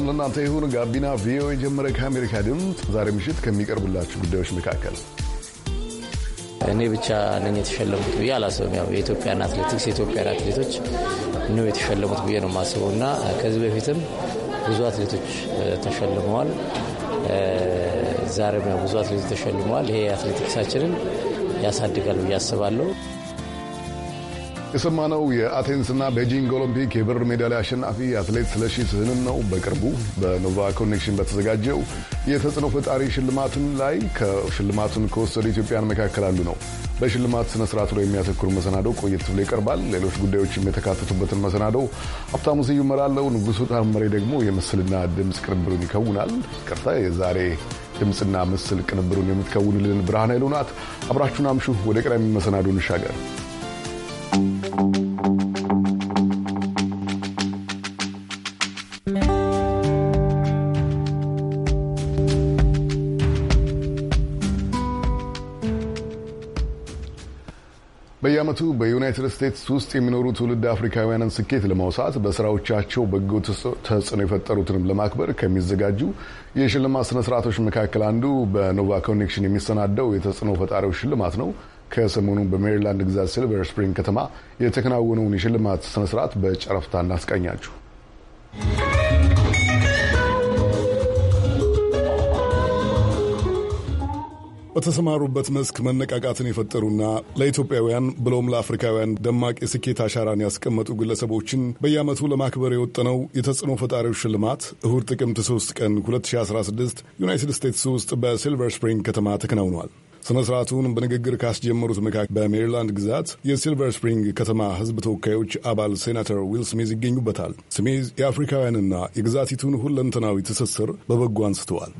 ሰላም ለእናንተ ይሁን። ጋቢና ቪኦኤ የጀመረ ከአሜሪካ ድምፅ ዛሬ ምሽት ከሚቀርቡላችሁ ጉዳዮች መካከል እኔ ብቻ ነኝ የተሸለሙት ብዬ አላስብም። ያው የኢትዮጵያን አትሌቲክስ የኢትዮጵያን አትሌቶች ነው የተሸለሙት ብዬ ነው የማስበው እና ከዚህ በፊትም ብዙ አትሌቶች ተሸልመዋል። ዛሬም ያው ብዙ አትሌቶች ተሸልመዋል። ይሄ አትሌቲክሳችንን ያሳድጋል ብዬ አስባለሁ። የሰማነው የአቴንስና ቤጂንግ ኦሎምፒክ የብር ሜዳሊያ አሸናፊ አትሌት ስለሺ ስህንን ነው። በቅርቡ በኖቫ ኮኔክሽን በተዘጋጀው የተጽዕኖ ፈጣሪ ሽልማትን ላይ ሽልማቱን ከወሰዱ ኢትዮጵያን መካከል አንዱ ነው። በሽልማት ስነ ስርዓቱ ላይ የሚያተኩር መሰናዶ ቆየት ብሎ ይቀርባል። ሌሎች ጉዳዮችም የተካተቱበትን መሰናዶ ሀብታሙ ስዩም እመራለሁ። ንጉሱ ታምሬ ደግሞ የምስልና ድምፅ ቅንብሩን ይከውናል። ቅርታ የዛሬ ድምፅና ምስል ቅንብሩን የምትከውንልን ብርሃን ኃይሉ ናት። አብራችሁን አምሹ። ወደ ቀዳሚ መሰናዶ እንሻገር። በየዓመቱ በዩናይትድ ስቴትስ ውስጥ የሚኖሩ ትውልድ አፍሪካውያንን ስኬት ለማውሳት በስራዎቻቸው በጎ ተጽዕኖ የፈጠሩትንም ለማክበር ከሚዘጋጁ የሽልማት ስነስርዓቶች መካከል አንዱ በኖቫ ኮኔክሽን የሚሰናደው የተጽዕኖ ፈጣሪዎች ሽልማት ነው። ከሰሞኑን በሜሪላንድ ግዛት ሲልቨር ስፕሪንግ ከተማ የተከናወነውን የሽልማት ስነስርዓት በጨረፍታ እናስቃኛችሁ። በተሰማሩበት መስክ መነቃቃትን የፈጠሩና ለኢትዮጵያውያን ብሎም ለአፍሪካውያን ደማቅ የስኬት አሻራን ያስቀመጡ ግለሰቦችን በየዓመቱ ለማክበር የወጠነው የተጽዕኖ ፈጣሪዎች ሽልማት እሁድ ጥቅምት 3 ቀን 2016 ዩናይትድ ስቴትስ ውስጥ በሲልቨር ስፕሪንግ ከተማ ተከናውኗል። ስነ ስርዓቱን በንግግር ካስጀመሩት መካከል በሜሪላንድ ግዛት የሲልቨር ስፕሪንግ ከተማ ህዝብ ተወካዮች አባል ሴናተር ዊል ስሚዝ ይገኙበታል። ስሚዝ የአፍሪካውያንና የግዛቲቱን ሁለንተናዊ ትስስር በበጎ አንስተዋል።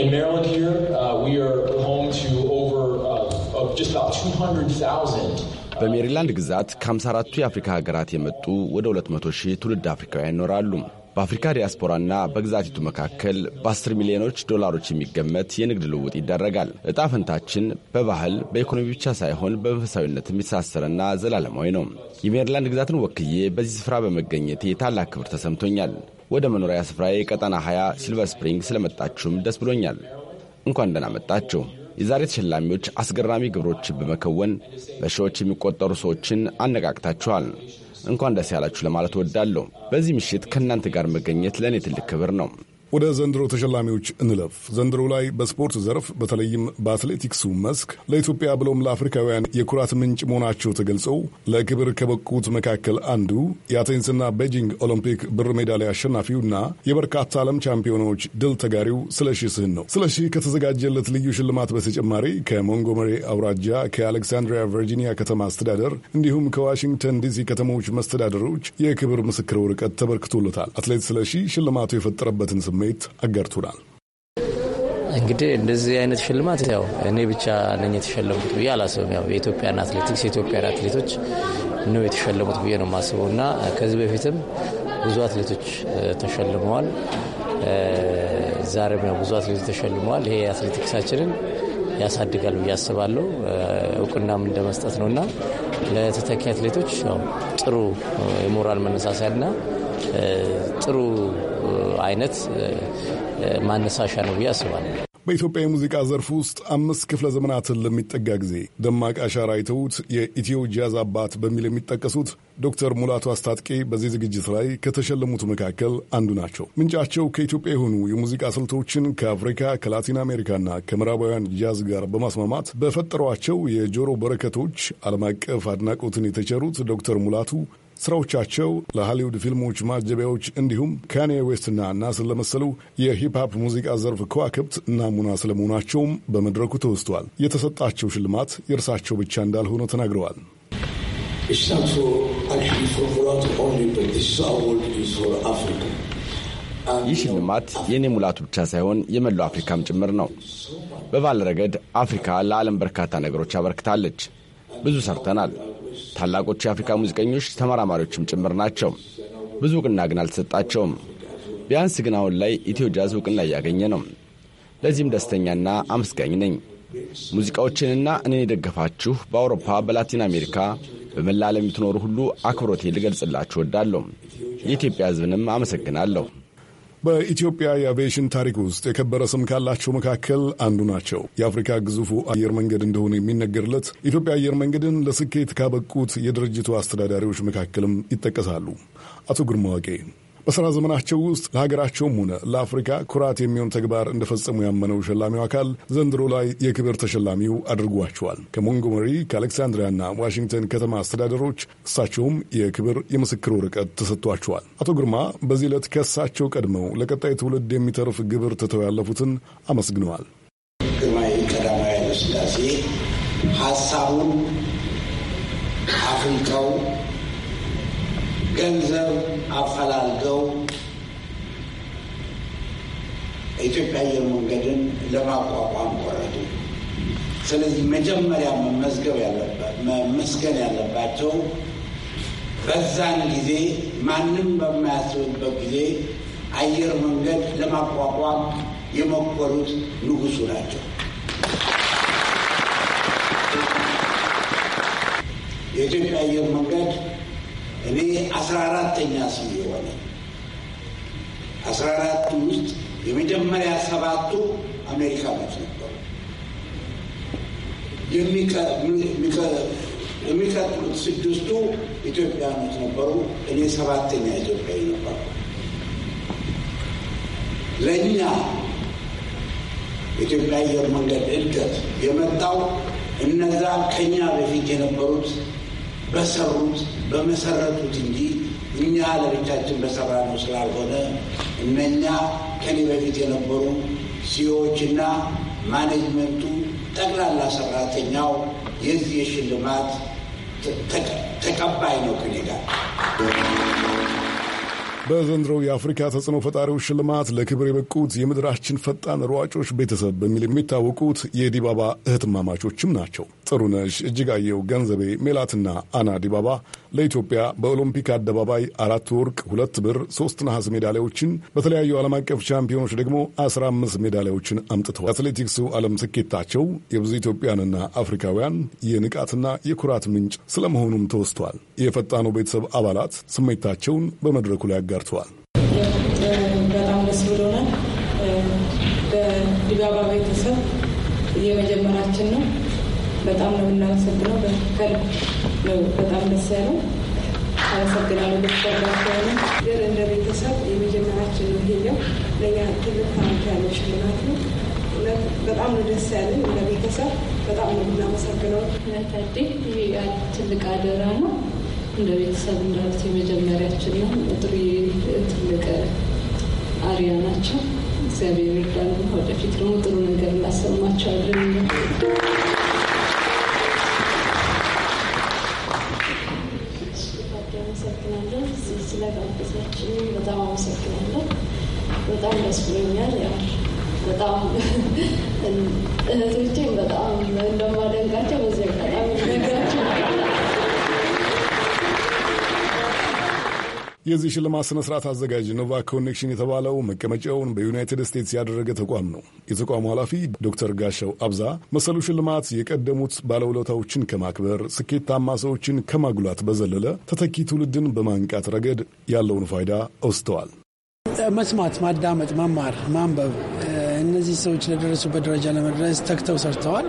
uh, uh, uh, በሜሪላንድ ግዛት ከ54ቱ የአፍሪካ ሀገራት የመጡ ወደ 200 ሺህ ትውልድ አፍሪካውያን ይኖራሉ። በአፍሪካ ዲያስፖራና በግዛቲቱ መካከል በ10 ሚሊዮኖች ዶላሮች የሚገመት የንግድ ልውውጥ ይደረጋል። ዕጣ ፈንታችን በባህል በኢኮኖሚ ብቻ ሳይሆን በመንፈሳዊነት የሚተሳሰረና ዘላለማዊ ነው። የሜሪላንድ ግዛትን ወክዬ በዚህ ስፍራ በመገኘቴ ታላቅ ክብር ተሰምቶኛል። ወደ መኖሪያ ስፍራዬ ቀጠና 20 ሲልቨር ስፕሪንግ ስለመጣችሁም ደስ ብሎኛል። እንኳን ደህና መጣችሁ። የዛሬ ተሸላሚዎች አስገራሚ ግብሮችን በመከወን በሺዎች የሚቆጠሩ ሰዎችን አነቃቅታችኋል። እንኳን ደስ ያላችሁ ለማለት ወዳለሁ። በዚህ ምሽት ከእናንተ ጋር መገኘት ለእኔ ትልቅ ክብር ነው። ወደ ዘንድሮ ተሸላሚዎች እንለፍ። ዘንድሮ ላይ በስፖርት ዘርፍ በተለይም በአትሌቲክሱ መስክ ለኢትዮጵያ ብሎም ለአፍሪካውያን የኩራት ምንጭ መሆናቸው ተገልጸው ለክብር ከበቁት መካከል አንዱ የአቴንስና ቤጂንግ ኦሎምፒክ ብር ሜዳሊያ አሸናፊውና የበርካታ ዓለም ቻምፒዮኖች ድል ተጋሪው ስለሺ ስህን ነው። ስለሺ ከተዘጋጀለት ልዩ ሽልማት በተጨማሪ ከሞንጎመሪ አውራጃ፣ ከአሌክሳንድሪያ ቨርጂኒያ ከተማ አስተዳደር እንዲሁም ከዋሽንግተን ዲሲ ከተሞች መስተዳደሮች የክብር ምስክር ወረቀት ተበርክቶለታል። አትሌት ስለሺ ሽልማቱ የፈጠረበትን ስም ስሜት አጋርቶናል። እንግዲህ እንደዚህ አይነት ሽልማት ያው እኔ ብቻ ነኝ የተሸለሙት ብዬ አላስብም። ያው የኢትዮጵያን አትሌቲክስ የኢትዮጵያን አትሌቶች ነው የተሸለሙት ብዬ ነው የማስበው እና ከዚህ በፊትም ብዙ አትሌቶች ተሸልመዋል። ዛሬም ያው ብዙ አትሌቶች ተሸልመዋል። ይሄ አትሌቲክሳችንን ያሳድጋል ብዬ አስባለሁ። እውቅናም እንደመስጠት ነው እና ለተተኪ አትሌቶች ጥሩ የሞራል መነሳሳያና ጥሩ አይነት ማነሳሻ ነው ብዬ አስባለሁ። በኢትዮጵያ የሙዚቃ ዘርፍ ውስጥ አምስት ክፍለ ዘመናትን ለሚጠጋ ጊዜ ደማቅ አሻራ የተዉት የኢትዮ ጃዝ አባት በሚል የሚጠቀሱት ዶክተር ሙላቱ አስታጥቄ በዚህ ዝግጅት ላይ ከተሸለሙት መካከል አንዱ ናቸው። ምንጫቸው ከኢትዮጵያ የሆኑ የሙዚቃ ስልቶችን ከአፍሪካ ከላቲን አሜሪካና ከምዕራባውያን ጃዝ ጋር በማስማማት በፈጠሯቸው የጆሮ በረከቶች ዓለም አቀፍ አድናቆትን የተቸሩት ዶክተር ሙላቱ ስራዎቻቸው ለሃሊውድ ፊልሞች ማጀቢያዎች እንዲሁም ካኔ ዌስትና ናስን ለመሰሉ የሂፕሃፕ ሙዚቃ ዘርፍ ከዋክብት ናሙና ስለመሆናቸውም በመድረኩ ተወስቷል። የተሰጣቸው ሽልማት የእርሳቸው ብቻ እንዳልሆነ ተናግረዋል። ይህ ሽልማት የእኔ ሙላቱ ብቻ ሳይሆን የመላው አፍሪካም ጭምር ነው። በባል ረገድ አፍሪካ ለዓለም በርካታ ነገሮች አበርክታለች። ብዙ ሰርተናል። ታላቆቹ የአፍሪካ ሙዚቀኞች ተመራማሪዎችም ጭምር ናቸው። ብዙ እውቅና ግን አልተሰጣቸውም። ቢያንስ ግን አሁን ላይ ኢትዮ ጃዝ እውቅና እያገኘ ነው። ለዚህም ደስተኛና አመስጋኝ ነኝ። ሙዚቃዎችንና እኔን የደገፋችሁ በአውሮፓ፣ በላቲን አሜሪካ፣ በመላ ዓለም የምትኖሩ ሁሉ አክብሮቴ ልገልጽላችሁ እወዳለሁ። የኢትዮጵያ ሕዝብንም አመሰግናለሁ። በኢትዮጵያ የአቪዬሽን ታሪክ ውስጥ የከበረ ስም ካላቸው መካከል አንዱ ናቸው። የአፍሪካ ግዙፉ አየር መንገድ እንደሆነ የሚነገርለት ኢትዮጵያ አየር መንገድን ለስኬት ካበቁት የድርጅቱ አስተዳዳሪዎች መካከልም ይጠቀሳሉ። አቶ ግርማ ዋቄ በሥራ ዘመናቸው ውስጥ ለሀገራቸውም ሆነ ለአፍሪካ ኩራት የሚሆን ተግባር እንደፈጸሙ ያመነው ሸላሚው አካል ዘንድሮ ላይ የክብር ተሸላሚው አድርጓቸዋል። ከሞንጎመሪ ከአሌክሳንድሪያና ዋሽንግተን ከተማ አስተዳደሮች እሳቸውም የክብር የምስክር ወረቀት ተሰጥቷቸዋል። አቶ ግርማ በዚህ ዕለት ከእሳቸው ቀድመው ለቀጣይ ትውልድ የሚተርፍ ግብር ትተው ያለፉትን አመስግነዋል። ግርማዊ ቀዳማዊ ሀሳቡን አፍልቀው ገንዘብ አፈላልገው ኢትዮጵያ አየር መንገድን ለማቋቋም ቆረጡ። ስለዚህ መጀመሪያ መመዝገብ መመስገን ያለባቸው በዛን ጊዜ ማንም በማያስብበት ጊዜ አየር መንገድ ለማቋቋም የሞከሩት ንጉሱ ናቸው። የኢትዮጵያ አየር መንገድ እኔ አስራ አራተኛ ስም የሆነ አስራ አራቱ ውስጥ የመጀመሪያ ሰባቱ አሜሪካኖች ነበሩ። የሚቀጥሉት ስድስቱ ኢትዮጵያኖች ነበሩ። እኔ ሰባተኛ ኢትዮጵያዊ ነበሩ። ለእኛ ኢትዮጵያ አየር መንገድ እድገት የመጣው እነዛ ከኛ በፊት የነበሩት በሰሩት በመሰረቱት እንጂ እኛ ለብቻችን በሰራ ነው ስላልሆነ እነኛ ከኔ በፊት የነበሩ ሲዎችና ማኔጅመንቱ ጠቅላላ ሰራተኛው የዚህ የሽልማት ተቀባይ ነው ከኔ ጋር በዘንድሮው የአፍሪካ ተጽዕኖ ፈጣሪዎች ሽልማት ለክብር የበቁት የምድራችን ፈጣን ሯጮች ቤተሰብ በሚል የሚታወቁት የዲባባ እህትማማቾችም ናቸው። ጥሩነሽ እጅጋየው፣ ገንዘቤ ሜላትና አና ዲባባ ለኢትዮጵያ በኦሎምፒክ አደባባይ አራት ወርቅ፣ ሁለት ብር፣ ሶስት ነሐስ ሜዳሊያዎችን በተለያዩ ዓለም አቀፍ ቻምፒዮኖች ደግሞ አስራ አምስት ሜዳሊያዎችን አምጥተዋል። አትሌቲክሱ ዓለም ስኬታቸው የብዙ ኢትዮጵያንና አፍሪካውያን የንቃትና የኩራት ምንጭ ስለመሆኑም ተወስቷል። የፈጣኑ ቤተሰብ አባላት ስሜታቸውን በመድረኩ ላይ አጋርተዋል። በጣም ቤተሰብ የመጀመራችን ነው። በጣም ነው የምናመሰግነው ከልብ ነው። በጣም ደስ ያለው። አመሰግናለሁ። በተደጋጋሚ ነገር እንደ ቤተሰብ የመጀመሪያችን ይሄኛው ለእኛ ትልቅ ታሪክ ያለው ሽልማት ነው። በጣም ነው ደስ ያለን እንደ ቤተሰብ በጣም ነው የምናመሰግነው። ነታዴ ይሄ ትልቅ አደራ ነው። እንደ ቤተሰብ እንዳሉት የመጀመሪያችን ነው። ጥሩ ትልቅ አሪያ ናቸው። እግዚአብሔር ይርዳል። ወደፊት ደግሞ ጥሩ ነገር እናሰማቸዋለን። ይመስለኛል። በጣም እህቶቼም በጣም እንደማደንቃቸው በዚህ አጋጣሚ የዚህ ሽልማት ስነ ስርዓት አዘጋጅ ኖቫ ኮኔክሽን የተባለው መቀመጫውን በዩናይትድ ስቴትስ ያደረገ ተቋም ነው። የተቋሙ ኃላፊ ዶክተር ጋሻው አብዛ መሰሉ ሽልማት የቀደሙት ባለውለታዎችን ከማክበር ስኬታማ ሰዎችን ከማጉላት በዘለለ ተተኪ ትውልድን በማንቃት ረገድ ያለውን ፋይዳ አውስተዋል። መስማት፣ ማዳመጥ፣ መማር፣ ማንበብ እነዚህ ሰዎች ለደረሱበት ደረጃ ለመድረስ ተግተው ሰርተዋል፣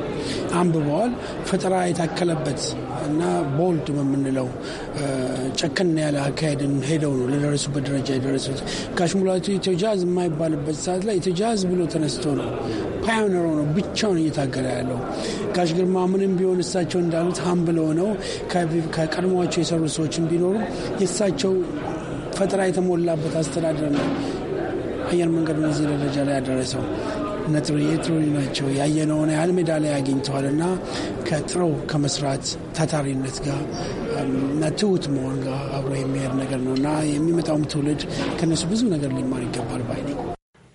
አንብበዋል። ፈጠራ የታከለበት እና ቦልድ በምንለው ጨከን ያለ አካሄድን ሄደው ነው ለደረሱበት ደረጃ የደረሱት። ካሽሙላቱ ኢትዮጃዝ የማይባልበት ሰዓት ላይ ኢትዮጃዝ ብሎ ተነስቶ ነው ፓዮነሮ ነው ብቻውን እየታገለ ያለው። ጋሽ ግርማ ምንም ቢሆን እሳቸው እንዳሉት ሀምብል ሆነው ከቀድሟቸው የሰሩ ሰዎች ቢኖሩ የእሳቸው ፈጠራ የተሞላበት አስተዳደር ነው አየር መንገድ በዚህ ደረጃ ላይ ያደረሰው። ነትሮሪ ናቸው ያየነውን ያህል ሜዳ ላይ አግኝተዋል እና ከጥረው ከመስራት ታታሪነት ጋር ትሁት መሆን ጋር አብሮ የሚሄድ ነገር ነው እና የሚመጣውም ትውልድ ከነሱ ብዙ ነገር ሊማር ይገባል ባይ ነኝ።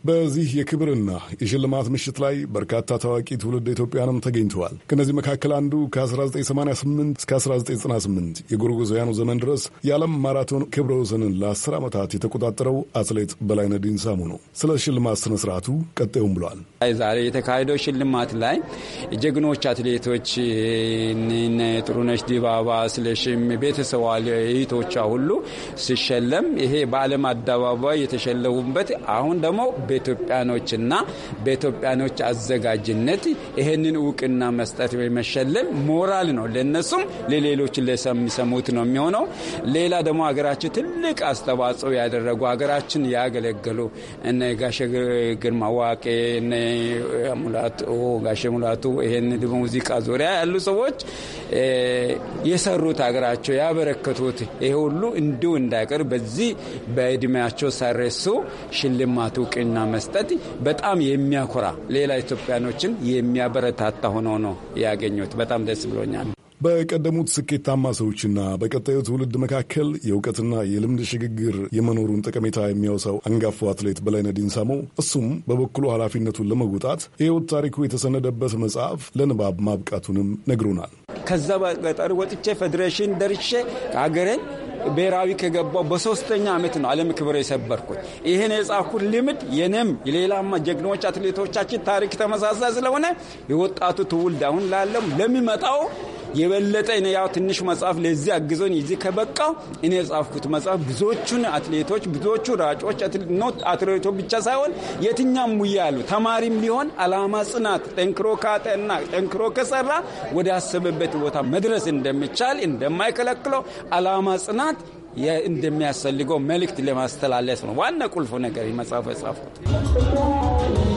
በዚህ የክብርና የሽልማት ምሽት ላይ በርካታ ታዋቂ ትውልድ ኢትዮጵያንም ተገኝተዋል። ከእነዚህ መካከል አንዱ ከ1988 እስከ 1998 የጎርጎሳውያኑ ዘመን ድረስ የዓለም ማራቶን ክብረ ወሰንን ለ10 ዓመታት የተቆጣጠረው አትሌት በላይነህ ዲንሳሙ ነው። ስለ ሽልማት ስነ ስርዓቱ ቀጣዩም ብለዋል። ዛሬ የተካሄደው ሽልማት ላይ የጀግኖች አትሌቶች ጥሩነሽ ዲባባ ስለሽም ቤተሰቧ እህቶቿ ሁሉ ሲሸለም ይሄ በዓለም አደባባይ የተሸለሙበት አሁን ደግሞ በኢትዮጵያኖችና በኢትዮጵያኖች አዘጋጅነት ይህንን እውቅና መስጠት መሸለም ሞራል ነው ለእነሱም ለሌሎች ለሚሰሙት ነው የሚሆነው። ሌላ ደግሞ ሀገራችን ትልቅ አስተዋጽኦ ያደረጉ ሀገራችን ያገለገሉ እነ ጋሼ ግርማ ዋቄ፣ ጋሼ ሙላቱ ይህን ሙዚቃ ዙሪያ ያሉ ሰዎች የሰሩት ሀገራቸው ያበረከቱት ይሄ ሁሉ እንዲሁ እንዳይቀር በዚህ በእድሜያቸው ሳይረሱ ሽልማት እውቅና መስጠት በጣም የሚያኮራ ሌላ ኢትዮጵያኖችን የሚያበረታታ ሆኖ ነው ያገኙት። በጣም ደስ ብሎኛል። በቀደሙት ስኬታማ ሰዎችና በቀጣዩ ትውልድ መካከል የእውቀትና የልምድ ሽግግር የመኖሩን ጠቀሜታ የሚያውሳው አንጋፋው አትሌት በላይነህ ዲንሳሞ እሱም በበኩሉ ኃላፊነቱን ለመወጣት የህይወት ታሪኩ የተሰነደበት መጽሐፍ ለንባብ ማብቃቱንም ነግሮናል። ከዛ በገጠር ወጥቼ ፌዴሬሽን ደርሼ ከሀገሬን ብሔራዊ ከገባው በሶስተኛ ዓመት ነው ዓለም ክብር የሰበርኩት። ይህን የጻፍኩት ልምድ የኔም የሌላማ ጀግኖች አትሌቶቻችን ታሪክ ተመሳሳይ ስለሆነ የወጣቱ ትውልድ አሁን ላለው ለሚመጣው የበለጠ እኔ ያው ትንሽ መጽሐፍ ለዚህ አግዞን ይዚ ከበቃ እኔ የጻፍኩት መጽሐፍ ብዙዎቹን አትሌቶች ብዙዎቹ ራጮች ኖት አትሌቶ ብቻ ሳይሆን የትኛም ሙያ ያሉ ተማሪም ቢሆን አላማ፣ ጽናት ጠንክሮ ካጠና ጠንክሮ ከሰራ ወደ አሰበበት ቦታ መድረስ እንደሚቻል እንደማይከለክለው አላማ ጽናት እንደሚያስፈልገው መልእክት ለማስተላለፍ ነው ዋና ቁልፉ ነገር መጽሐፉ የጻፍኩት።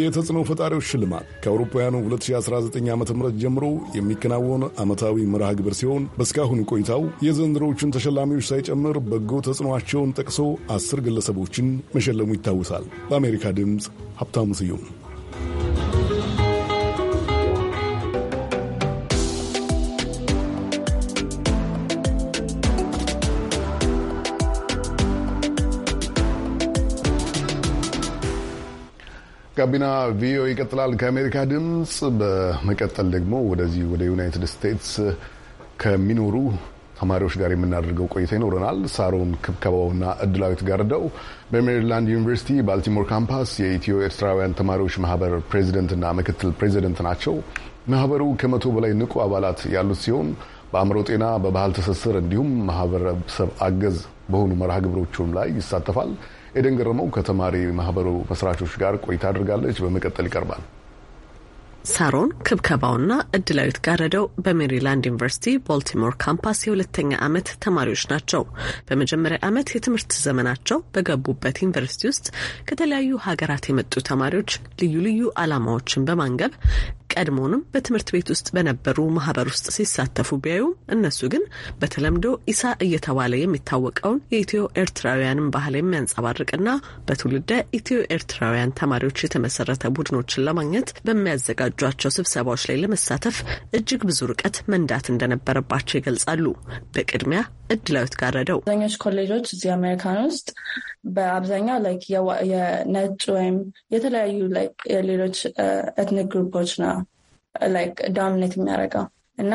የተጽዕኖ ፈጣሪዎች ሽልማት ከአውሮፓውያኑ 2019 ዓ ም ጀምሮ የሚከናወን ዓመታዊ መርሃ ግብር ሲሆን በስካሁን ቆይታው የዘንድሮዎቹን ተሸላሚዎች ሳይጨምር በጎ ተጽዕኖቸውን ጠቅሶ አስር ግለሰቦችን መሸለሙ ይታወሳል። በአሜሪካ ድምፅ ሀብታሙ ስዩም ጋቢና ቪኦኤ ይቀጥላል። ከአሜሪካ ድምፅ በመቀጠል ደግሞ ወደዚህ ወደ ዩናይትድ ስቴትስ ከሚኖሩ ተማሪዎች ጋር የምናደርገው ቆይታ ይኖረናል። ሳሮን ክብከባውና እድላዊት ጋርደው በሜሪላንድ ዩኒቨርሲቲ ባልቲሞር ካምፓስ የኢትዮ ኤርትራውያን ተማሪዎች ማህበር ፕሬዚደንትና ምክትል ፕሬዚደንት ናቸው። ማህበሩ ከመቶ በላይ ንቁ አባላት ያሉት ሲሆን በአእምሮ ጤና፣ በባህል ትስስር እንዲሁም ማህበረሰብ አገዝ በሆኑ መርሃ ግብሮቹም ላይ ይሳተፋል። ኤደን ገረመው ከተማሪ ማህበሩ መስራቾች ጋር ቆይታ አድርጋለች። በመቀጠል ይቀርባል። ሳሮን ክብከባውና እድላዊት ጋረደው በሜሪላንድ ዩኒቨርሲቲ ቦልቲሞር ካምፓስ የሁለተኛ ዓመት ተማሪዎች ናቸው። በመጀመሪያ ዓመት የትምህርት ዘመናቸው በገቡበት ዩኒቨርሲቲ ውስጥ ከተለያዩ ሀገራት የመጡ ተማሪዎች ልዩ ልዩ ዓላማዎችን በማንገብ ቀድሞንም በትምህርት ቤት ውስጥ በነበሩ ማህበር ውስጥ ሲሳተፉ ቢያዩም እነሱ ግን በተለምዶ ኢሳ እየተባለ የሚታወቀውን የኢትዮ ኤርትራውያንን ባህል የሚያንጸባርቅና በትውልደ ኢትዮ ኤርትራውያን ተማሪዎች የተመሰረተ ቡድኖችን ለማግኘት በሚያዘጋጇቸው ስብሰባዎች ላይ ለመሳተፍ እጅግ ብዙ ርቀት መንዳት እንደነበረባቸው ይገልጻሉ። በቅድሚያ እድላዊት ጋረደው አብዛኞች ኮሌጆች እዚህ አሜሪካን ውስጥ በአብዛኛው የነጭ ወይም የተለያዩ የሌሎች ኤትኒክ ግሩፖች ነው ላይክ ዳምነት የሚያደርገው እና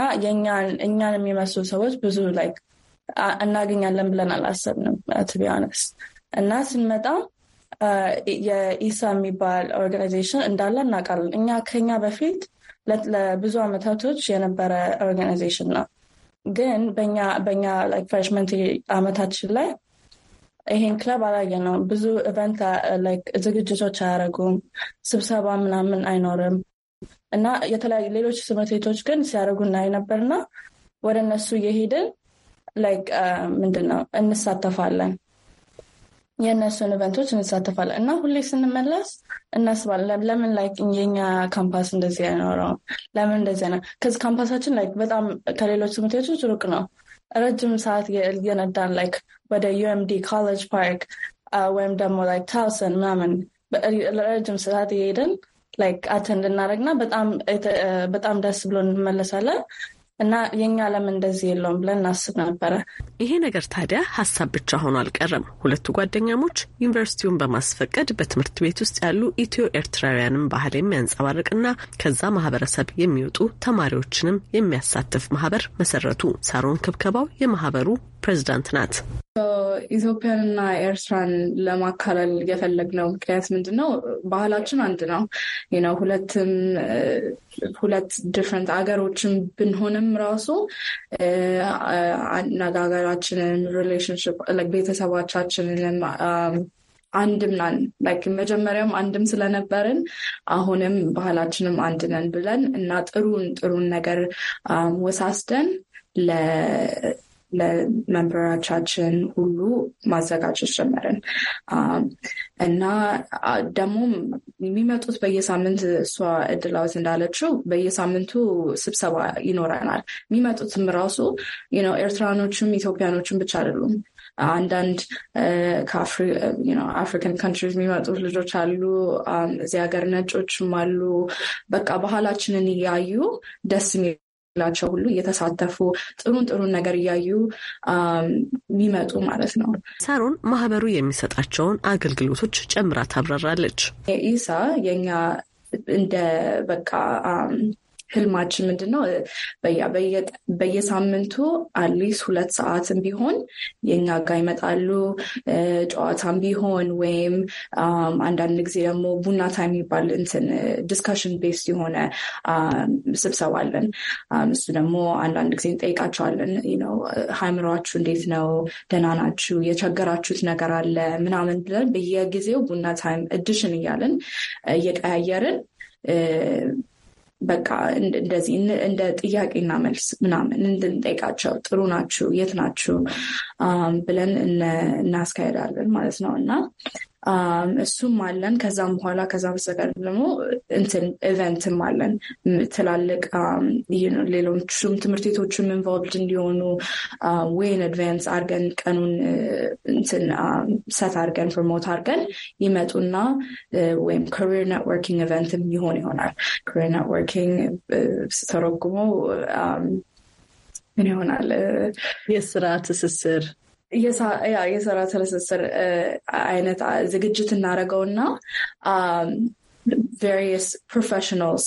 እኛን የሚመስሉ ሰዎች ብዙ ላይክ እናገኛለን ብለን አላሰብንም ትቢያነስ uh, እና ስንመጣ uh, የኢሳ የሚባል ኦርጋናይዜሽን እንዳለ እናውቃለን። እኛ ከኛ በፊት ለብዙ አመታቶች የነበረ ኦርጋናይዜሽን ነው። ግን በኛ ፍሬሽመንት አመታችን ላይ ይሄን ክለብ አላየ ነው። ብዙ ኢቨንት uh, ዝግጅቶች አያደርጉም፣ ስብሰባ ምናምን አይኖርም። እና የተለያዩ ሌሎች ትምህርት ቤቶች ግን ሲያደርጉ እናይ ነበርና ወደ እነሱ እየሄድን ላይክ ምንድን ነው እንሳተፋለን የእነሱን ኢቨንቶች እንሳተፋለን እና ሁሌ ስንመለስ እናስባለን፣ ለምን ላይ የኛ ካምፓስ እንደዚህ አይኖረውም? ለምን እንደዚህ ነው? ከዚህ ካምፓሳችን ላይ በጣም ከሌሎች ትምህርት ቤቶች ሩቅ ነው። ረጅም ሰዓት የነዳን ላይክ ወደ ዩኤምዲ ኮሌጅ ፓርክ ወይም ደግሞ ላይክ ታውሰን ምናምን ረጅም ሰዓት እየሄድን ላይክ አተንድ እናደረግና በጣም ደስ ብሎ እንመለሳለን። እና የኛ ለም እንደዚህ የለውም ብለን እናስብ ነበረ። ይሄ ነገር ታዲያ ሀሳብ ብቻ ሆኖ አልቀረም። ሁለቱ ጓደኛሞች ዩኒቨርሲቲውን በማስፈቀድ በትምህርት ቤት ውስጥ ያሉ ኢትዮ ኤርትራውያንን ባህል የሚያንጸባርቅና ከዛ ማህበረሰብ የሚወጡ ተማሪዎችንም የሚያሳትፍ ማህበር መሰረቱ። ሳሮን ክብከባው የማህበሩ ፕሬዚዳንት ናት። ኢትዮጵያንና ኤርትራን ለማካለል የፈለግነው ምክንያት ምንድን ነው? ባህላችን አንድ ነው ነው ሁለትም ሁለት ዲፍረንት አገሮችን ብንሆንም ራሱ uh, አነጋገራችንን፣ ሪሌሽንሽፕ ቤተሰባቻችንንም um, አንድም ናን ላይክ መጀመሪያም አንድም ስለነበርን አሁንም ባህላችንም አንድ ነን ብለን እና ጥሩን ጥሩን ነገር um, ወሳስደን ለመምረራቻችን ሁሉ ማዘጋጀት ጀመርን እና ደግሞም የሚመጡት በየሳምንት እሷ እድላዊት እንዳለችው በየሳምንቱ ስብሰባ ይኖረናል። የሚመጡትም ራሱ ኤርትራኖችም ኢትዮጵያኖችም ብቻ አይደሉም። አንዳንድ ከአፍሪካን ካንትሪ የሚመጡት ልጆች አሉ። እዚህ ሀገር ነጮችም አሉ። በቃ ባህላችንን እያዩ ደስ የሚል ላቸው ሁሉ እየተሳተፉ ጥሩን ጥሩን ነገር እያዩ የሚመጡ ማለት ነው። ሳሮን ማህበሩ የሚሰጣቸውን አገልግሎቶች ጨምራ ታብራራለች። ኢሳ የኛ እንደ በቃ ህልማችን ምንድን ነው? በየሳምንቱ አትሊስት ሁለት ሰዓትም ቢሆን የእኛ ጋር ይመጣሉ። ጨዋታም ቢሆን ወይም አንዳንድ ጊዜ ደግሞ ቡና ታይም የሚባል እንትን ዲስካሽን ቤስ የሆነ ስብሰባ አለን። እሱ ደግሞ አንዳንድ ጊዜ እንጠይቃቸዋለን። ሃይምሯችሁ እንዴት ነው? ደህና ናችሁ? የቸገራችሁት ነገር አለ ምናምን ብለን በየጊዜው ቡና ታይም እድሽን እያለን እየቀያየርን በቃ እንደዚህ እንደ ጥያቄና መልስ ምናምን እንድንጠይቃቸው ጥሩ ናችሁ፣ የት ናችሁ ብለን እናስካሄዳለን ማለት ነው እና እሱም አለን። ከዛም በኋላ ከዛ በስተቀር ደግሞ እንትን ኢቨንትም አለን ትላልቅ ሌሎችም ትምህርት ቤቶችም ኢንቮልቭድ እንዲሆኑ ዌን አድቫንስ አድርገን ቀኑን እንትን ሰት አድርገን ፕሮሞት አድርገን ይመጡና ወይም ካሪር ኔትወርኪንግ ኢቨንትም ይሆን ይሆናል። ካሪር ኔትወርኪንግ ስተረጉሞ ምን ይሆናል? የስራ ትስስር የሰራ ትስስር አይነት ዝግጅት እናደርገውና ቬሪየስ ፕሮፌሽናልስ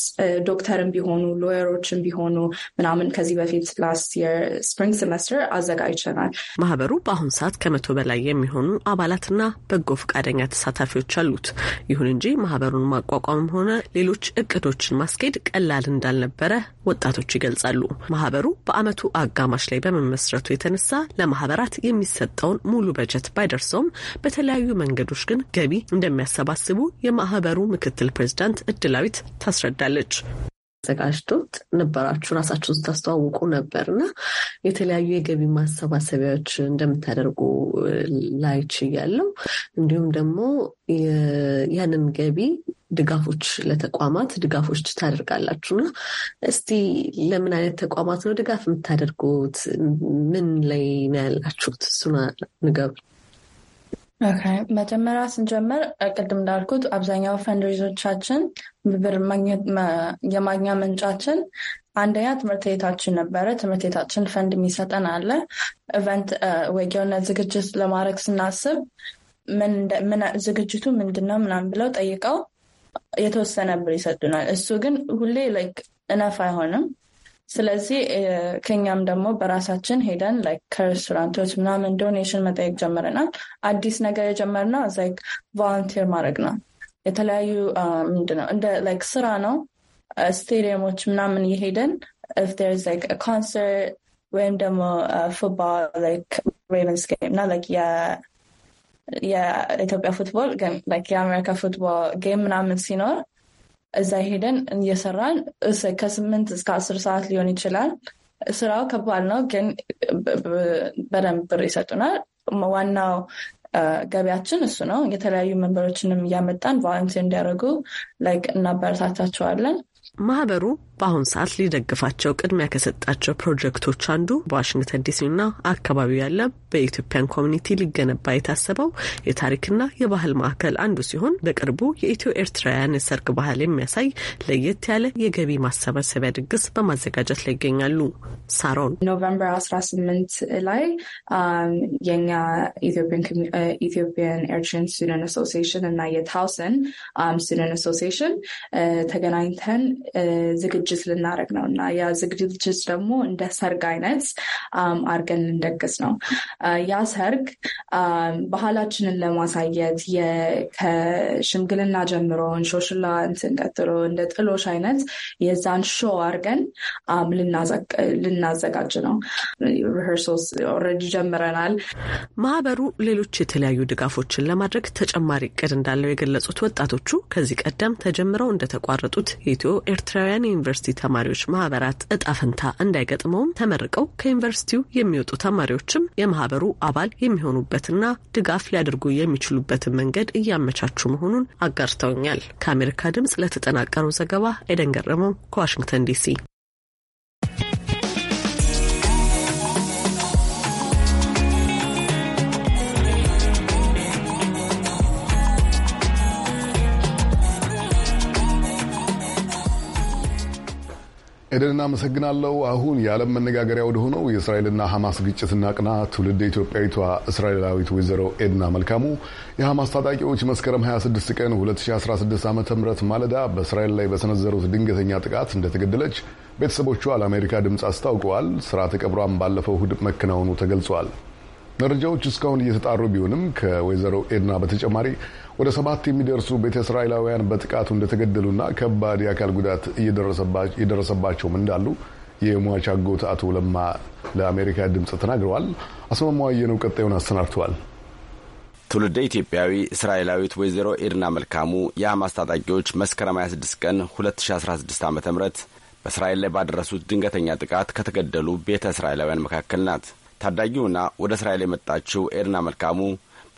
ዶክተርም ቢሆኑ ሎየሮችም ቢሆኑ ምናምን ከዚህ በፊት ላስት የር ስፕሪንግ ሴመስተር አዘጋጅተናል። ማህበሩ በአሁኑ ሰዓት ከመቶ በላይ የሚሆኑ አባላትና በጎ ፈቃደኛ ተሳታፊዎች አሉት። ይሁን እንጂ ማህበሩን ማቋቋምም ሆነ ሌሎች እቅዶችን ማስኬድ ቀላል እንዳልነበረ ወጣቶች ይገልጻሉ። ማህበሩ በአመቱ አጋማሽ ላይ በመመስረቱ የተነሳ ለማህበራት የሚሰጠውን ሙሉ በጀት ባይደርሰውም በተለያዩ መንገዶች ግን ገቢ እንደሚያሰባስቡ የማህበሩ ምክትል ፕሬዚዳንት ፕሬዚዳንት እድላዊት ታስረዳለች። ዘጋጅቶት ነበራችሁ ራሳችሁን ስታስተዋውቁ ነበር እና የተለያዩ የገቢ ማሰባሰቢያዎች እንደምታደርጉ ላይች ያለው እንዲሁም ደግሞ ያንን ገቢ ድጋፎች ለተቋማት ድጋፎች ታደርጋላችሁ እና እስቲ ለምን አይነት ተቋማት ነው ድጋፍ የምታደርጉት? ምን ላይ ነው ያላችሁት? እሱን ንገሩ። መጀመሪያ ስንጀምር ቅድም እንዳልኩት አብዛኛው ፈንድሪዞቻችን ብር የማግኛ ምንጫችን አንደኛ ትምህርት ቤታችን ነበረ። ትምህርት ቤታችን ፈንድ የሚሰጠን አለ። ኢቨንት ወይ ዝግጅት ለማድረግ ስናስብ ዝግጅቱ ምንድን ነው ምናምን ብለው ጠይቀው የተወሰነ ብር ይሰጡናል። እሱ ግን ሁሌ ላይክ እነፍ አይሆንም። ስለዚህ ከኛም ደግሞ በራሳችን ሄደን ከሬስቶራንቶች ምናምን ዶኔሽን መጠየቅ ጀምረናል። አዲስ ነገር የጀመርነው እዛ ቮለንቲር ማድረግ ነው። የተለያዩ ምንድነው እንደ ላይክ ስራ ነው። ስቴዲየሞች ምናምን የሄደን if there's like a concert ወይም ደግሞ ፉትቦል ላይክ ሬቨንስ ጌም እና ላይክ የኢትዮጵያ ፉትቦል የአሜሪካ ፉትቦል ጌም ምናምን ሲኖር እዛ ሄደን እየሰራን ከስምንት እስከ አስር ሰዓት ሊሆን ይችላል። ስራው ከባድ ነው፣ ግን በደንብ ብር ይሰጡናል። ዋናው ገቢያችን እሱ ነው። የተለያዩ መንበሮችንም እያመጣን ቫለንቲር እንዲያደርጉ ላይክ እናበረታታቸዋለን። ማህበሩ በአሁን ሰዓት ሊደግፋቸው ቅድሚያ ከሰጣቸው ፕሮጀክቶች አንዱ በዋሽንግተን ዲሲና አካባቢው ያለ በኢትዮጵያን ኮሚኒቲ ሊገነባ የታሰበው የታሪክና የባህል ማዕከል አንዱ ሲሆን በቅርቡ የኢትዮ ኤርትራውያን የሰርግ ባህል የሚያሳይ ለየት ያለ የገቢ ማሰባሰቢያ ድግስ በማዘጋጀት ላይ ይገኛሉ። ሳሮን ኖቨምበር 18 ላይ um, የኛ uh, ኢትዮጵያን ኤርትራን ስቱደንት አሶሲሽን እና የታውሰን um, ስቱደንት አሶሲሽን uh, ተገናኝተን ዝግጅት ልናደርግ ነው እና ያ ዝግጅት ደግሞ እንደ ሰርግ አይነት አድርገን ልንደግስ ነው። ያ ሰርግ ባህላችንን ለማሳየት ከሽምግልና ጀምሮ እንሾሽላ እንትን ቀጥሎ እንደ ጥሎሽ አይነት የዛን ሾ አድርገን ልናዘጋጅ ነው። ሪሄርሶስ ኦልሬዲ ጀምረናል። ማህበሩ ሌሎች የተለያዩ ድጋፎችን ለማድረግ ተጨማሪ እቅድ እንዳለው የገለጹት ወጣቶቹ ከዚህ ቀደም ተጀምረው እንደተቋረጡት የኢትዮ ኤርትራውያን የዩኒቨርሲቲ ተማሪዎች ማህበራት እጣ ፈንታ እንዳይገጥመውም ተመርቀው ከዩኒቨርሲቲው የሚወጡ ተማሪዎችም የማህበሩ አባል የሚሆኑበትና ድጋፍ ሊያደርጉ የሚችሉበትን መንገድ እያመቻቹ መሆኑን አጋርተውኛል። ከአሜሪካ ድምጽ ለተጠናቀረው ዘገባ ኤደን ገረመው ከዋሽንግተን ዲሲ ኤደን እናመሰግናለሁ። አሁን የዓለም መነጋገሪያ ሆነው የእስራኤልና ሐማስ ግጭት እናቅና። ትውልድ ኢትዮጵያዊቷ እስራኤላዊት ወይዘሮ ኤድና መልካሙ የሐማስ ታጣቂዎች መስከረም 26 ቀን 2016 ዓ ም ማለዳ በእስራኤል ላይ በሰነዘሩት ድንገተኛ ጥቃት እንደተገደለች ቤተሰቦቿ ለአሜሪካ ድምፅ አስታውቀዋል። ስርዓተ ቀብሯም ባለፈው እሁድ መከናወኑ ተገልጿል። መረጃዎች እስካሁን እየተጣሩ ቢሆንም ከወይዘሮ ኤድና በተጨማሪ ወደ ሰባት የሚደርሱ ቤተ እስራኤላውያን በጥቃቱ እንደተገደሉና ከባድ የአካል ጉዳት የደረሰባቸውም እንዳሉ የሟች አጎት አቶ ለማ ለአሜሪካ ድምፅ ተናግረዋል። አስማማዋየ ነው ቀጣዩን አሰናድተዋል። ትውልደ ኢትዮጵያዊ እስራኤላዊት ወይዘሮ ኤድና መልካሙ የሐማስ ታጣቂዎች መስከረም 26 ቀን 2016 ዓ ም በእስራኤል ላይ ባደረሱት ድንገተኛ ጥቃት ከተገደሉ ቤተ እስራኤላውያን መካከል ናት። ታዳጊውና ወደ እስራኤል የመጣችው ኤድና መልካሙ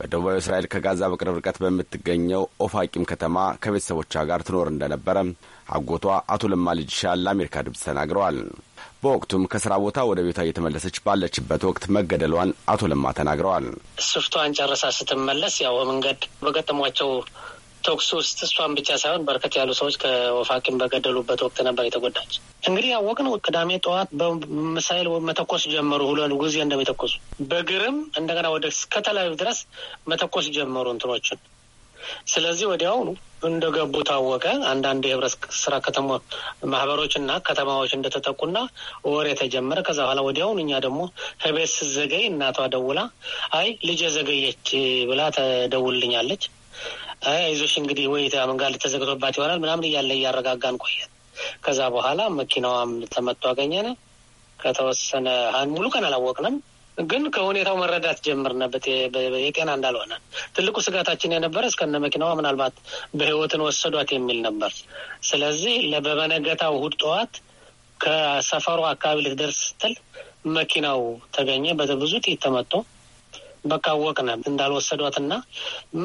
በደቡባዊ እስራኤል ከጋዛ በቅርብ ርቀት በምትገኘው ኦፋቂም ከተማ ከቤተሰቦቿ ጋር ትኖር እንደነበረ አጎቷ አቶ ለማ ልጅሻ ለአሜሪካ ድምፅ ተናግረዋል። በወቅቱም ከስራ ቦታ ወደ ቤቷ እየተመለሰች ባለችበት ወቅት መገደሏን አቶ ለማ ተናግረዋል። ስፍቷን ጨርሳ ስትመለስ ያው መንገድ በገጠሟቸው ተኩስ ውስጥ እሷን ብቻ ሳይሆን በርከት ያሉ ሰዎች ከወፋቂም በገደሉበት ወቅት ነበር የተጎዳች። እንግዲህ ያወቅ ነው ቅዳሜ ጠዋት በሚሳይል መተኮስ ጀመሩ። ሁለት ጊዜ እንደሚተኮሱ በግርም እንደገና ወደ እስከተለያዩ ድረስ መተኮስ ጀመሩ እንትኖችን። ስለዚህ ወዲያውኑ እንደገቡ ታወቀ። አንዳንድ የህብረት ስራ ከተማ ማህበሮችና ከተማዎች እንደተጠቁና ወሬ ተጀመረ። ከዛ በኋላ ወዲያውኑ እኛ ደግሞ ህቤት ስዘገይ እናቷ ደውላ አይ ልጄ ዘገየች ብላ ተደውልልኛለች። አይዞሽ እንግዲህ ወይ ጋር ልተዘግቶባት ይሆናል ምናምን እያለ እያረጋጋን ቆየን። ከዛ በኋላ መኪናዋም ተመቶ አገኘን። ከተወሰነ ሙሉ ቀን አላወቅንም፣ ግን ከሁኔታው መረዳት ጀምርነበት የጤና እንዳልሆነ። ትልቁ ስጋታችን የነበረ እስከነ መኪናዋ ምናልባት በህይወትን ወሰዷት የሚል ነበር። ስለዚህ በበነገታው እሑድ ጠዋት ከሰፈሩ አካባቢ ልትደርስ ስትል መኪናው ተገኘ። በብዙ ጥይት ተመቶ በቃ ወቅነ እንዳልወሰዷት እና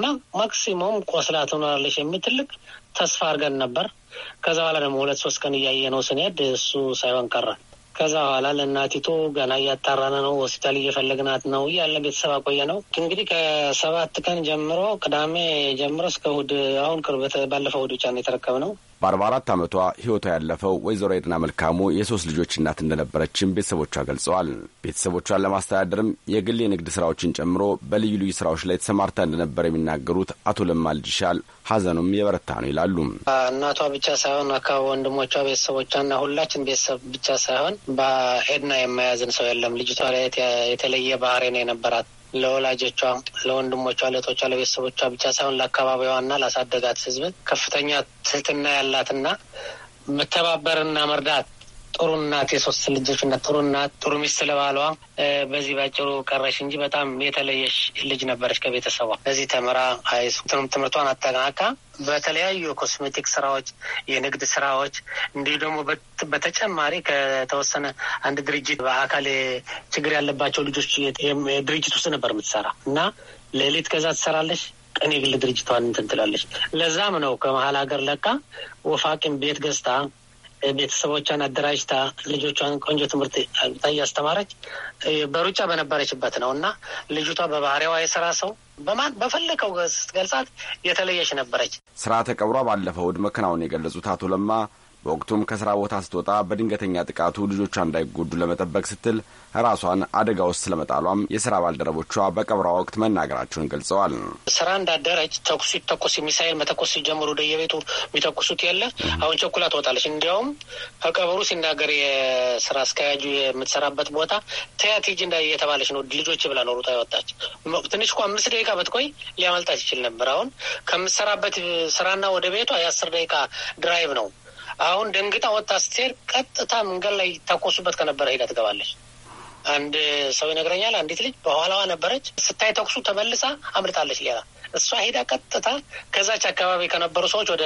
ማክሲመም ቆስላ ትኖራለች የሚል ትልቅ ተስፋ አድርገን ነበር። ከዛ በኋላ ደግሞ ሁለት ሶስት ቀን እያየ ነው ስንሄድ እሱ ሳይሆን ቀረ። ከዛ በኋላ ለእናቲቱ ገና እያጣራን ነው፣ ሆስፒታል እየፈለግናት ነው እያለ ቤተሰብ አቆየ ነው እንግዲህ ከሰባት ቀን ጀምሮ ቅዳሜ ጀምሮ እስከ እሑድ አሁን ቅርብ ባለፈው እሑድ ብቻ ነው የተረከብነው በ44 ዓመቷ ሕይወቷ ያለፈው ወይዘሮ ኤድና መልካሙ የሶስት ልጆች እናት እንደነበረችም ቤተሰቦቿ ገልጸዋል። ቤተሰቦቿን ለማስተዳደርም የግል የንግድ ሥራዎችን ጨምሮ በልዩ ልዩ ሥራዎች ላይ ተሰማርታ እንደነበረ የሚናገሩት አቶ ለማ ልጅሻል ሐዘኑም የበረታ ነው ይላሉ። እናቷ ብቻ ሳይሆን አካባቢ ወንድሞቿ፣ ቤተሰቦቿና ሁላችን ቤተሰብ ብቻ ሳይሆን በኤድና የማያዝን ሰው የለም። ልጅቷ ላይ የተለየ ባህሪ ነው የነበራት ለወላጆቿ፣ ለወንድሞቿ፣ ለእህቶቿ፣ ለቤተሰቦቿ ብቻ ሳይሆን ለአካባቢዋና ላሳደጋት ሕዝብ ከፍተኛ ትህትና ያላትና መተባበርና መርዳት ጥሩ እናት፣ የሶስት ልጆች እናት፣ ጥሩ እናት፣ ጥሩ ሚስት ለባሏ በዚህ ባጭሩ ቀረሽ እንጂ በጣም የተለየሽ ልጅ ነበረች ከቤተሰቧ። በዚህ ተምራ ትምህርቷን አጠናቃ በተለያዩ ኮስሜቲክ ስራዎች፣ የንግድ ስራዎች እንዲሁ ደግሞ በተጨማሪ ከተወሰነ አንድ ድርጅት በአካል ችግር ያለባቸው ልጆች ድርጅት ውስጥ ነበር የምትሰራ እና ሌሊት ከዛ ትሰራለች ቀን የግል ድርጅቷን እንትን ትላለች። ለዛም ነው ከመሀል ሀገር ለቃ ወፋቂም ቤት ገዝታ ቤተሰቦቿን አደራጅታ ልጆቿን ቆንጆ ትምህርት እያስተማረች በሩጫ በነበረችበት ነው እና ልጅቷ በባህሪዋ የስራ ሰው በማን በፈለከው ስትገልጻት የተለየች ነበረች። ስርዓተ ቀብሯ ባለፈው እሁድ መከናወን የገለጹት አቶ ለማ በወቅቱም ከስራ ቦታ ስትወጣ በድንገተኛ ጥቃቱ ልጆቿ እንዳይጎዱ ለመጠበቅ ስትል ራሷን አደጋ ውስጥ ስለመጣሏም የስራ ባልደረቦቿ በቀብሯ ወቅት መናገራቸውን ገልጸዋል። ስራ እንዳደረች ተኩስ ሲተኮስ ሚሳይል መተኮስ ሲጀምሩ ወደየቤቱ የሚተኩሱት የለ አሁን ቸኩላ ትወጣለች። እንዲያውም ከቀብሩ ሲናገር የስራ አስኪያጁ የምትሰራበት ቦታ ተያት ሂጂ እንዳ እየተባለች ነው ልጆች ብላ ኖሩታ ይወጣች ትንሽ እኳ አምስት ደቂቃ በትቆይ ሊያመልጣት ይችል ነበር። አሁን ከምትሰራበት ስራና ወደ ቤቷ የአስር ደቂቃ ድራይቭ ነው። አሁን ደንግጣ ወጣ ስትሄድ ቀጥታ መንገድ ላይ ተኮሱበት ከነበረ ሄዳ ትገባለች። አንድ ሰው ይነግረኛል። አንዲት ልጅ በኋላዋ ነበረች። ስታይ ተኩሱ ተመልሳ አምልጣለች። ሌላ እሷ ሄዳ ቀጥታ ከዛች አካባቢ ከነበሩ ሰዎች ወደ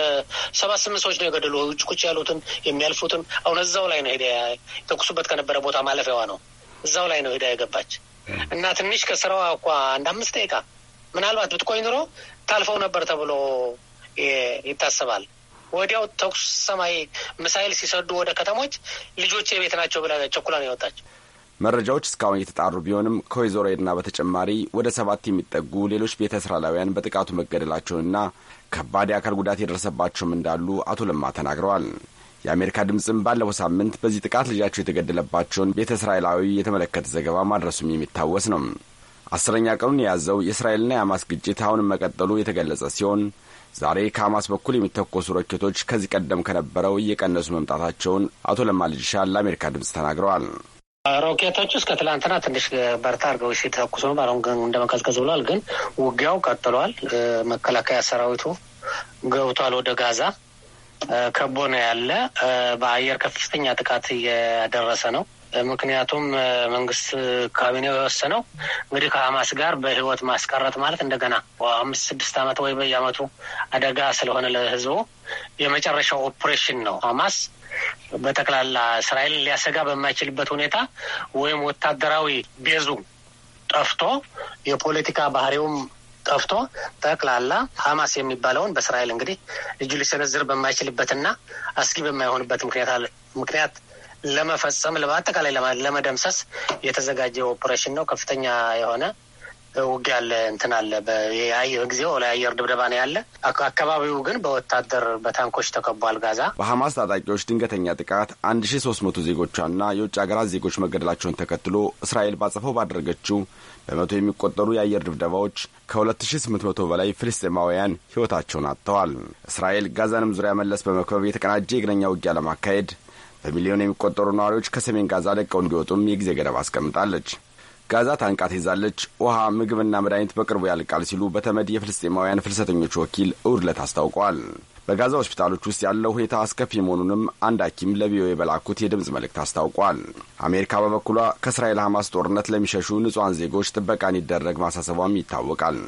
ሰባት ስምንት ሰዎች ነው የገደሉ። ውጭ ቁጭ ያሉትን የሚያልፉትን አሁን እዛው ላይ ነው ሄዳ የተኩሱበት ከነበረ ቦታ ማለፊያዋ ነው። እዛው ላይ ነው ሄዳ የገባች እና ትንሽ ከስራዋ እኳ አንድ አምስት ደቂቃ ምናልባት ብትቆይ ኑሮ ታልፈው ነበር ተብሎ ይታሰባል። ወዲያው ተኩስ ሰማይ ሚሳይል ሲሰዱ ወደ ከተሞች ልጆች የቤት ናቸው ብላ ቸኩላ ነው ያወጣቸው። መረጃዎች እስካሁን እየተጣሩ ቢሆንም ከወይዘሮና በተጨማሪ ወደ ሰባት የሚጠጉ ሌሎች ቤተ እስራኤላውያን በጥቃቱ መገደላቸውንና ከባድ የአካል ጉዳት የደረሰባቸውም እንዳሉ አቶ ለማ ተናግረዋል። የአሜሪካ ድምፅም ባለፈው ሳምንት በዚህ ጥቃት ልጃቸው የተገደለባቸውን ቤተ እስራኤላዊ የተመለከተ ዘገባ ማድረሱም የሚታወስ ነው። አስረኛ ቀኑን የያዘው የእስራኤልና የአማስ ግጭት አሁንም መቀጠሉ የተገለጸ ሲሆን ዛሬ ከሐማስ በኩል የሚተኮሱ ሮኬቶች ከዚህ ቀደም ከነበረው እየቀነሱ መምጣታቸውን አቶ ለማ ልጅሻ ለአሜሪካ ድምፅ ተናግረዋል። ሮኬቶች እስከ ትላንትና ትንሽ በርታ አድርገው ሲተኩሱ ነበር። አሁን ግን እንደመቀዝቀዝ ብሏል። ግን ውጊያው ቀጥሏል። መከላከያ ሰራዊቱ ገብቷል ወደ ጋዛ ከቦ ነው ያለ። በአየር ከፍተኛ ጥቃት እየደረሰ ነው። ምክንያቱም መንግስት ካቢኔው የወሰነው እንግዲህ ከሀማስ ጋር በህይወት ማስቀረት ማለት እንደገና አምስት ስድስት ዓመት ወይ በየአመቱ አደጋ ስለሆነ ለህዝቡ የመጨረሻው ኦፕሬሽን ነው። ሀማስ በጠቅላላ እስራኤል ሊያሰጋ በማይችልበት ሁኔታ ወይም ወታደራዊ ቤዙ ጠፍቶ የፖለቲካ ባህሪውም ጠፍቶ ጠቅላላ ሀማስ የሚባለውን በእስራኤል እንግዲህ እጁ ሊሰነዝር በማይችልበትና አስጊ በማይሆንበት ምክንያት ምክንያት ለመፈጸም በአጠቃላይ ለመደምሰስ የተዘጋጀ ኦፕሬሽን ነው። ከፍተኛ የሆነ ውጊያ አለ እንትን አለ ጊዜው ላይ አየር ድብደባ ነው ያለ። አካባቢው ግን በወታደር በታንኮች ተከቧል። ጋዛ በሐማስ ታጣቂዎች ድንገተኛ ጥቃት አንድ ሺ ሶስት መቶ ዜጎቿና የውጭ ሀገራት ዜጎች መገደላቸውን ተከትሎ እስራኤል ባጸፈው ባደረገችው በመቶ የሚቆጠሩ የአየር ድብደባዎች ከ2800 በላይ ፍልስጤማውያን ሕይወታቸውን አጥተዋል። እስራኤል ጋዛንም ዙሪያ መለስ በመክበብ የተቀናጀ የእግረኛ ውጊያ ለማካሄድ በሚሊዮን የሚቆጠሩ ነዋሪዎች ከሰሜን ጋዛ ለቀው እንዲወጡም የጊዜ ገደብ አስቀምጣለች። ጋዛ ታንቃ ትይዛለች። ውሃ፣ ምግብና መድኃኒት በቅርቡ ያልቃል ሲሉ በተመድ የፍልስጤማውያን ፍልሰተኞች ወኪል እሁድ ዕለት አስታውቋል። በጋዛ ሆስፒታሎች ውስጥ ያለው ሁኔታ አስከፊ መሆኑንም አንድ ሐኪም ለቪኦኤ በላኩት የድምፅ መልእክት አስታውቋል። አሜሪካ በበኩሏ ከእስራኤል ሐማስ ጦርነት ለሚሸሹ ንጹሐን ዜጎች ጥበቃ እንዲደረግ ማሳሰቧም ይታወቃል።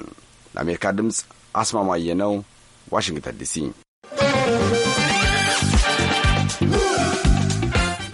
ለአሜሪካ ድምፅ አስማማየ ነው፣ ዋሽንግተን ዲሲ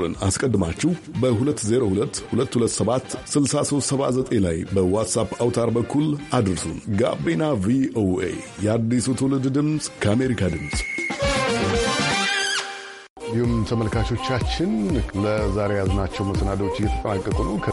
ቁጥርን አስቀድማችሁ በ202227 6379 ላይ በዋትሳፕ አውታር በኩል አድርሱን። ጋቢና ቪኦኤ የአዲሱ ትውልድ ድምፅ ከአሜሪካ ድምፅ እንዲሁም ተመልካቾቻችን ለዛሬ ያዝናቸው መሰናዶዎች እየተጠናቀቁ ነው።